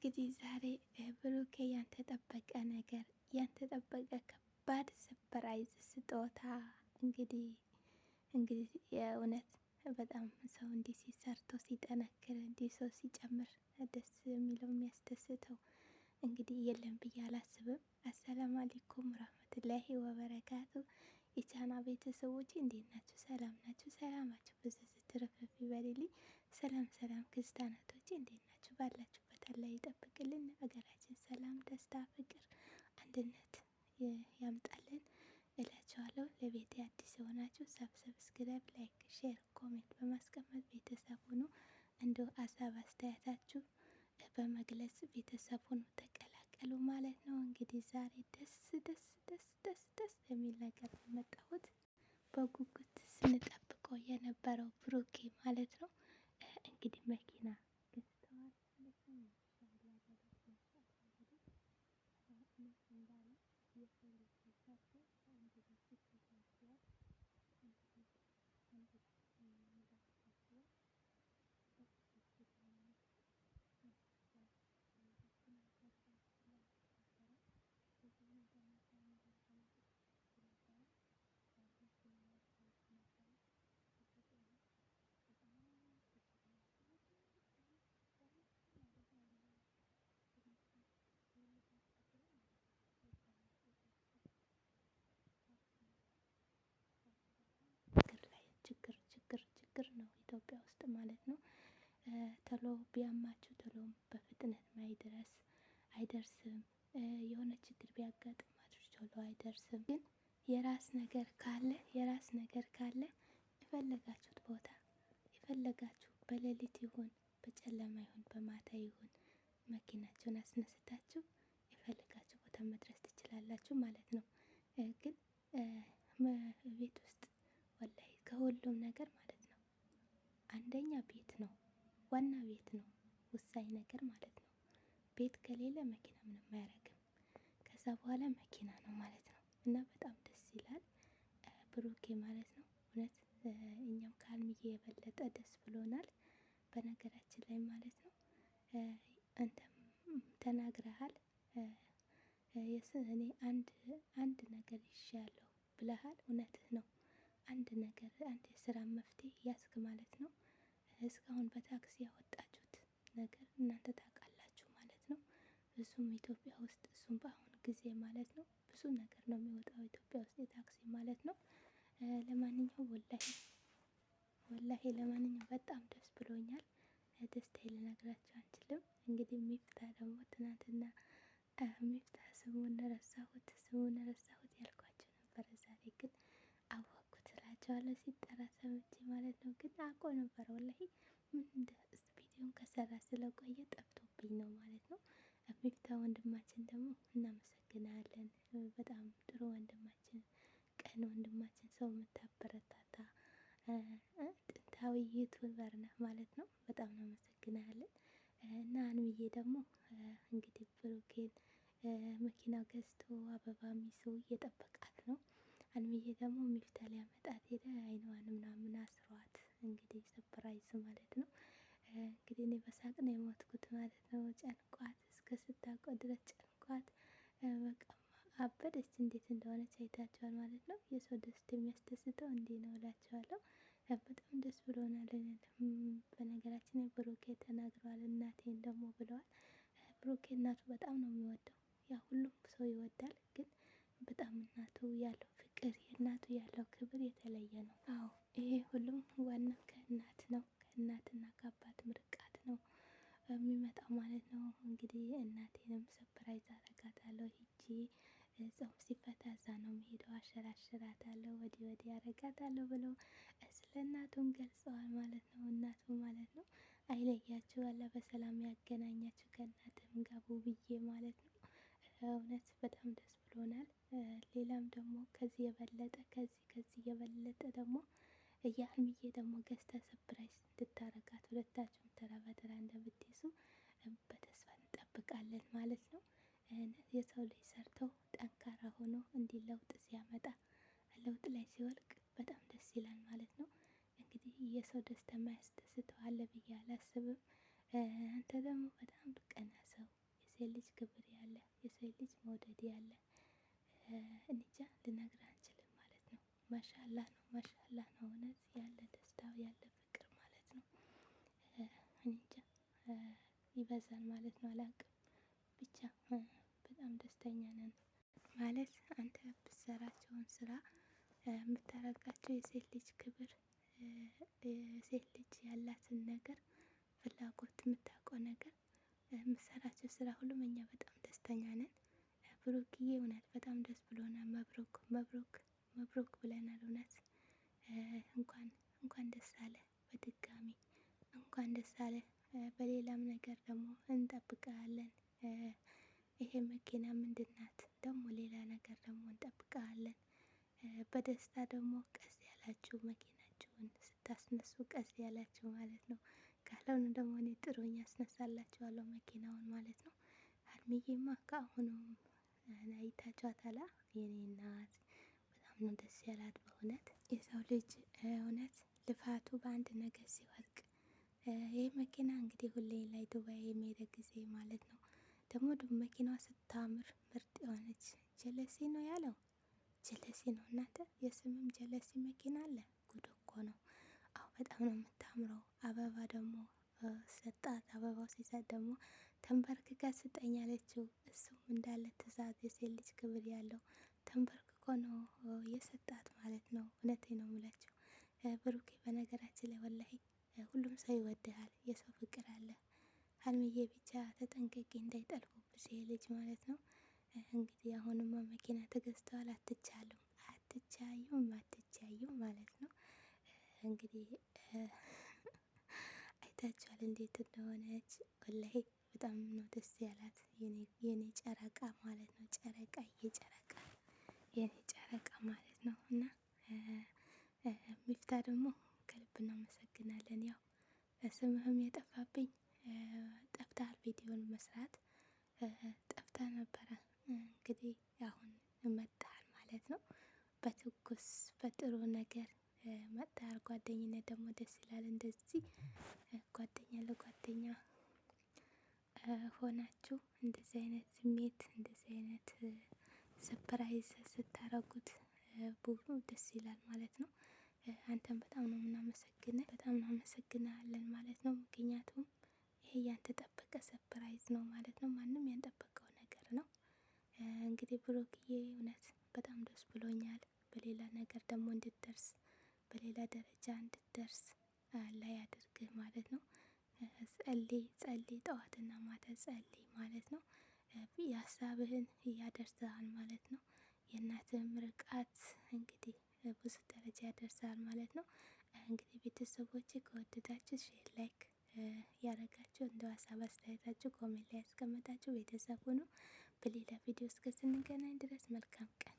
እንግዲህ ዛሬ ብሩኬ ያልተጠበቀ ነገር ያልተጠበቀ ከባድ ሰፕራይዝ ስጦታ እንግዲህ እንግዲህ የእውነት በጣም ሰው እንዲህ ሲሰርቶ ሲጠነክር እንዲህ ሰው ሲጨምር ደስ የሚለው የሚያስደስተው እንግዲህ የለም ብዬ አላስብም። አሰላሙ አሌይኩም ረህመቱላሂ ወበረካቱ። የቻና ቤተሰቦች እንዴት ናችሁ? ሰላም ናችሁ? ሰላማችሁ ብዙ ስትርፍርፍ ይበልልኝ። ሰላም ሰላም ክርስቲያናቶች እንዴት ናችሁ? ባላችሁ አላህ ይጠብቅልን። ሀገራችን ሰላም፣ ደስታ፣ ፍቅር፣ አንድነት ያምጣልን እላችኋለሁ። ለቤቴ አዲስ የሆናችሁ ሰብስክራይብ፣ ላይክ፣ ሼር፣ ኮሜንት በማስቀመጥ ቤተሰብ ሁኑ። እንደ ሀሳብ አስተያየታችሁ በመግለጽ ቤተሰብ ሁኑ ተቀላቀሉ ማለት ነው። እንግዲህ ዛሬ ደስ ደስ ደስ ደስ ደስ የሚል ነገር የመጣሁት በጉጉት ስንጠብቀው የነበረው ብሩኬ ማለት ነው እንግዲህ መኪና ማለት ነው። ቶሎ ቢያማችሁ ቶሎም በፍጥነት ማይድረስ አይደርስም። የሆነ ችግር ቢያጋጥማችሁ ቶሎ አይደርስም። ግን የራስ ነገር ካለ የራስ ነገር ካለ የፈለጋችሁት ቦታ የፈለጋችሁ በሌሊት ይሁን በጨለማ ይሁን በማታ ይሁን መኪናችሁን አስነስታችሁ የፈለጋችሁ ቦታ መድረስ ትችላላችሁ ማለት ነው። ግን ቤት ውስጥ ወላሂ ከሁሉም ነገር ማለት ነው አንደኛ ቤት ነው፣ ዋና ቤት ነው ወሳኝ ነገር ማለት ነው። ቤት ከሌለ መኪና ምንም አያደርግም። ከዛ በኋላ መኪና ነው ማለት ነው። እና በጣም ደስ ይላል ብሩኬ ማለት ነው። እውነት እኛም ከአልሚዬ የበለጠ ደስ ብሎናል። በነገራችን ላይ ማለት ነው ተናግረሃል እኔ አንድ ነገር ይሻለሁ ብለሃል። እውነትህ ነው። አንድ ነገር አንድ የስራ መፍትሄ ያስክ ማለት ነው። እስካሁን በታክሲ ያወጣችሁት ነገር እናንተ ታውቃላችሁ ማለት ነው። እሱም ኢትዮጵያ ውስጥ እሱም በአሁኑ ጊዜ ማለት ነው ብዙ ነገር ነው የሚወጣው ኢትዮጵያ ውስጥ የታክሲ ማለት ነው። ለማንኛውም ወላሂ ወላሂ ለማንኛውም በጣም ደስ ብሎኛል። ደስታ ልነግራችሁ አንችልም። እንግዲህ ሚፍታ ደግሞ ትናንትና ሚፍታ ስሙን ረሳሁት ስሙን ረሳሁት ሰምቻለሁ ሲጠራ ሰምቼ ማለት ነው። ግን አቆ ነበር ወላሂ ምን እንደ ቪዲዮን ከሰራ ስለቆየ ጠፍቶብኝ ነው ማለት ነው። አፍሪካ ወንድማችን ደግሞ እናመሰግናለን። በጣም ጥሩ ወንድማችን፣ ቀን ወንድማችን፣ ሰው የምታበረታታ ጥንታዊ ዩቱበር ነህ ማለት ነው። በጣም እናመሰግናለን። እና አንብዬ ደግሞ እንግዲህ ብሩኬን መኪና ገዝቶ አበባ ይዞ እየጠበቃት ነው አልምዬ ደግሞ ሚፍታ ሊያመጣት ሄደ። አይኗን ምናምን አስሯት እንግዲህ ሰፕራይዝ ማለት ነው። እንግዲህ እኔ በሳቅ ነው የሞትኩት ማለት ነው። ጨንቋት እስከ ስታውቀው ድረስ ጨንቋት በቃ አበደች። እንዴት እንደሆነች አይታችኋል ማለት ነው። የሰው ደስታ የሚያስደስተው እንዲህ ነው እላችኋለሁ። በጣም ደስ ብሎናል። በነገራችን ላይ ብሩኬ እናቴን ደግሞ ብለዋል። ብሩኬ እናቱ በጣም ነው የሚወደው። ያ ሁሉም ሰው ይወዳል። ያለው ክብር የተለየ ነው። አዎ ይሄ ሁሉም ዋና ከእናት ነው። ከእናትና ከአባት ምርቃት ነው የሚመጣው ማለት ነው። እንግዲህ እናቴንም ሰፕራይዝ አረጋታለሁ ሂጂ ጾም ሲፈታ እዛ ነው የምሄደው፣ አሸራሽራታለሁ፣ ወዲህ ወዲህ አረጋታለሁ ብለው ስለ እናቱም ገልጸዋል ማለት ነው። እናቱ ማለት ነው አይለያችሁ፣ ያለ በሰላም ያገናኛችሁ ከእናትም ጋር ብዬ ማለት ነው። እውነት በጣም ደስ ብሎናል። ሌላም ደግሞ ከዚህ የበለጠ ከዚህ ከዚህ የበለጠ ደግሞ የሀይሚዬ ደግሞ ገዝታ ሰፕራይዝ እንድታረጋት ሁለታችሁም ተራ በተራ እንደምትይዙ በተስፋ እንጠብቃለን ማለት ነው። የሰው ልጅ ሰርተው ጠንካራ ሆኖ እንዲህ ለውጥ ሲያመጣ ለውጥ ላይ ሲወድቅ በጣም ደስ ይላል ማለት ነው። እንግዲህ የሰው ደስታ ማያስደስተው አለ ብዬ አላስብም። አንተ ደግሞ በጣም ቀና ሰው የሰው ልጅ ክብር ያለ የሴት ልጅ መውደድ ያለ እንጃ ልነግር አንችልም ማለት ነው። ማሻላ ነው ማሻላ ነው እውነት ያለ ደስታ ያለ ፍቅር ማለት ነው። እንጃ ይበዛል ማለት ነው አላቅም ብቻ በጣም ደስተኛ ነን ማለት አንተ ብትሰራቸውን ስራ የምታረጋቸው የሴት ልጅ ክብር የሴት ልጅ ያላትን ነገር ፍላጎት የምታውቀው ነገር የምሰራቸው ስራ ሁሉም እኛ በጣም ደስተኛ ነን። ብሩክዬ እውነት በጣም ደስ ብሎናል። መብሩክ መብሩክ መብሩክ ብለናል። እውነት እንኳን እንኳን ደስ አለ በድጋሚ እንኳን ደስ አለ። በሌላም ነገር ደግሞ እንጠብቀሃለን። ይሄ መኪና ምንድን ናት ደግሞ ሌላ ነገር ደግሞ እንጠብቀሃለን። በደስታ ደግሞ ቀስ ያላችሁ መኪናችሁን ስታስነሱ ቀስ ያላችሁ ማለት ነው። ካልሆነ ደግሞ እኔ ጥሩኝ አስነሳላችኋለሁ መኪናውን ማለት ነው። ሀይሚዬማ ከአሁኑ አይታችኋታል። የኔ እናት በጣም ነው ደስ ያላት በእውነት የሰው ልጅ እውነት ልፋቱ በአንድ ነገር ሲወድቅ ይህ መኪና እንግዲህ ሁሌ ላይ ዱባይ የሚሄደ ጊዜ ማለት ነው። ደግሞ መኪናዋ ስታምር ምርጥ የሆነች ጀለሲ ነው ያለው ጀለሲ ነው እናንተ፣ የስምም ጀለሲ መኪና አለ ጉድ እኮ ነው። አሁን በጣም ነው የምታምረው አበባ ደግሞ ሰጣት። አበባው ሲሰጥ ደግሞ ተንበርክካ ስጠኝ አለችው። እሱም እንዳለ ትእዛዝ የሴት ልጅ ክብር ያለው ተንበርክኮ ነው የሰጣት ማለት ነው። እውነቴ ነው የምላቸው ብሩኬ፣ በነገራችን ላይ ወላሂ ሁሉም ሰው ይወድሃል፣ የሰው ፍቅር አለ። ሀይሚዬ ብቻ ተጠንቀቂ እንዳይጠልፉብሽ ይሄ ልጅ ማለት ነው። እንግዲህ አሁንማ መኪና ተገዝተዋል። አትቻሉም፣ አትቻዩም፣ አትቻዩም ማለት ነው እንግዲህ አይታችኋል እንዴት እንደሆነች። ወላሂ በጣም ነው ደስ ያላት የኔ ጨረቃ ማለት ነው። ጨረቃ የጨረቃ የኔ ጨረቃ ማለት ነው። እና ሚፍታ ደግሞ ከልብ እናመሰግናለን። ያው ስምህም የጠፋብኝ ጠፍታል ቪዲዮን መስራት ጠፍታ ነበረ። እንግዲህ አሁን መጥተሃል ማለት ነው። በትኩስ በጥሩ ነገር መጣር ጓደኝነት ደግሞ ደስ ይላል። እንደዚህ ጓደኛ ለጓደኛ ሆናችሁ እንደዚህ አይነት ስሜት እንደዚህ አይነት ሰፕራይዝ ስታረጉት ብዙ ደስ ይላል ማለት ነው። አንተን በጣም ነው የምናመሰግንህ በጣም እናመሰግናለን ማለት ነው። ምክንያቱም ይሄ ያልተጠበቀ ሰፕራይዝ ነው ማለት ነው። ማንም ያልጠበቀው ነገር ነው። እንግዲህ ብሩክዬ እውነት በጣም ደስ ብሎኛል። በሌላ ነገር ደግሞ እንድትደርስ በሌላ ደረጃ እንድትደርስ ላይ ያድርግህ ማለት ነው። ጸልይ ጸልይ፣ ጠዋትና ማታ ጸልይ ማለት ነው። የሀሳብህን እያደርሰሃል ማለት ነው። የእናትህ ምርቃት እንግዲህ ብዙ ደረጃ ያደርሳል ማለት ነው። እንግዲህ ቤተሰቦች ከወደዳችሁ ሼር፣ ላይክ ያደረጋችሁ እንደ ሀሳብ አስተያየታችሁ ኮሜንት ላይ ያስቀመጣችሁ ቤተሰብ ሁኑ። በሌላ ቪዲዮ እስከ ስንገናኝ ድረስ መልካም ቀን